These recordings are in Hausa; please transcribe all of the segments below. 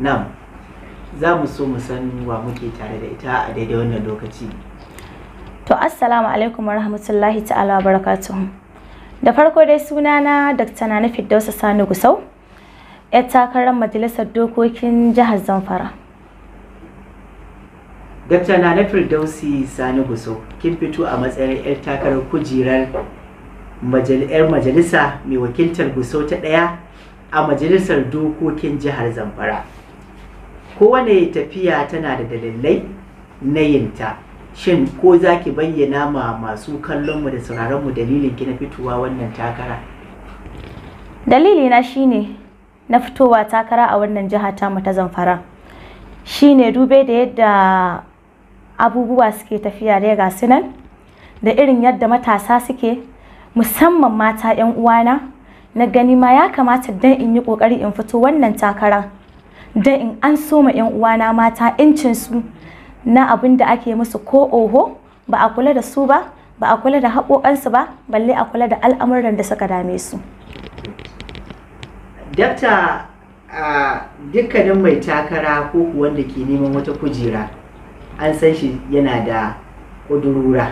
nan za mu so mu san wa muke tare da ita a daidai wannan lokaci to assalamu alaikum warahmatullahi ta'ala barakatuh. da farko dai sunana dr nana firdausa sani gusau yar takarar majalisar dokokin jihar zamfara Dr. Nana Firdausi Sani Gusau kin fito a matsayin 'yar takarar kujerar 'yar majalisa mai wakiltar Gusau ta ɗaya a majalisar dokokin jihar Zamfara. kowane tafiya tana da dalilai na yinta shin ko za ki bayyana ma masu kallonmu da sauraronmu dalilin ki na fitowa wannan takara dalilina shine na fitowa takara a wannan jiha ta ta zamfara shine dube da yadda abubuwa suke tafiya da ga nan da irin yadda matasa suke musamman mata 'yan uwana na gani ma ya kamata dan in yi kokari in fito wannan takara Dan in an soma 'yan uwana mata 'yancinsu na abin da ake musu ko oho ba a kula da su ba ba a kula da haƙoƙansu ba balle a kula da al'amuran da suka dame su. Dakta a dukkanin mai takara ko wanda ke neman wata kujera an san shi yana da ƙudurura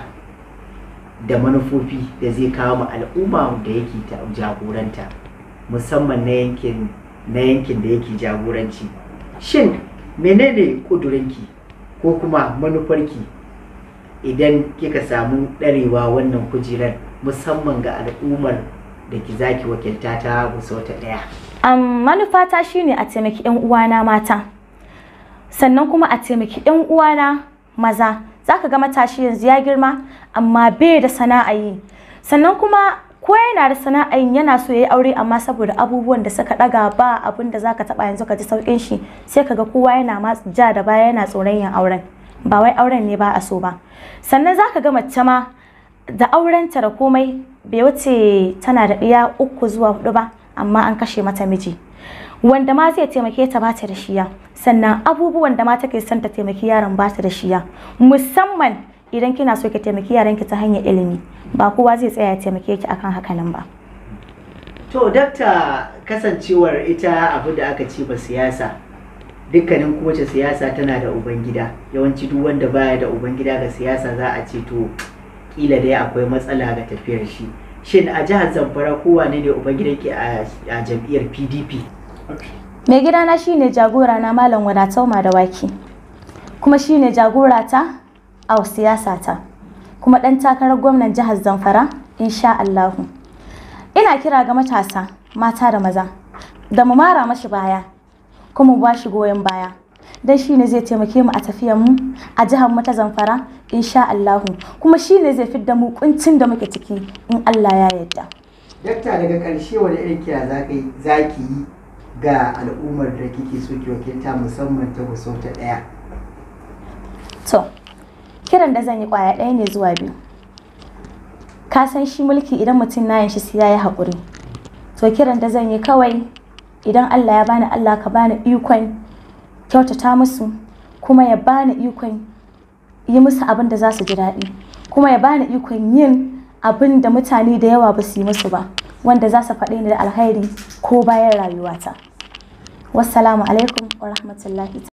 da manufofi da zai kawo ma al'umma da yake jagoranta musamman na yankin na yankin da yake jagoranci shin menene ƙudurinki ko kuma manufarki idan kika samu ɗarewa wannan kujerar musamman ga al'ummar da ki zaki wakilta ta gusauta ɗaya um, manufata shine a taimaki 'yan uwana mata sannan kuma a taimaki 'yan uwana maza za ka ga matashi yanzu ya girma amma bai da sana'a yi sannan kuma ko yana da sana'a yana so yayi aure amma saboda abubuwan da suka daga ba abin da zaka taba yanzu ka ji saukin shi sai kaga kowa yana ma ja da baya yana tsoron yin auren ba wai auren ne ba a so ba sannan zaka ga mace ma da aurenta da komai bai wuce tana da ɗiya uku zuwa hudu ba amma an kashe mata miji wanda ma zai taimake ta bata da shiya sannan abubuwan da ma take son ta taimaki yaron bata da shiya musamman idan kina so ki taimaki yaranki ta hanyar ilimi ba kowa zai tsaya ya taimake ki akan hakanan ba to dakta kasancewar ita abu da aka ce ba siyasa dukkanin kowace siyasa tana da ubangida yawanci duk wanda baya da ubangida ga siyasa za a ce to kila dai akwai matsala ga tafiyar shi shin a jihar zamfara kowa ne ne ke a jam'iyyar pdp mai gidana shine jagora na malam wadatau da wake kuma shine jagorata. a ta, kuma ɗan takarar gwamnan jihar zamfara insha allahu ina kira ga matasa mata da maza da mu mara mashi baya kuma ba shi goyon baya dan shi ne zai taimake mu a tafiyar mu a jihar mu ta zamfara insha allahu kuma shi ne zai fidda mu kuncin da muke ciki in allah ya yarda dakta daga ƙarshe wani irin kira za ki yi ga al'ummar da kike so ki wakilta musamman ta ta ɗaya to kiran da zan yi kwaya ɗaya ne zuwa biyu ka san shi mulki idan mutum na yin shi sai yi haƙuri to kiran da zan yi kawai idan Allah ya bani Allah ka bani ikon kyautata musu kuma ya bani ikon yi musu abin da za su ji daɗi kuma ya bani ikon yin abin da mutane da yawa ba su yi musu ba wanda za su faɗi ni da alkhairi ko bayan rayuwata wassalamu alaikum wa rahmatullahi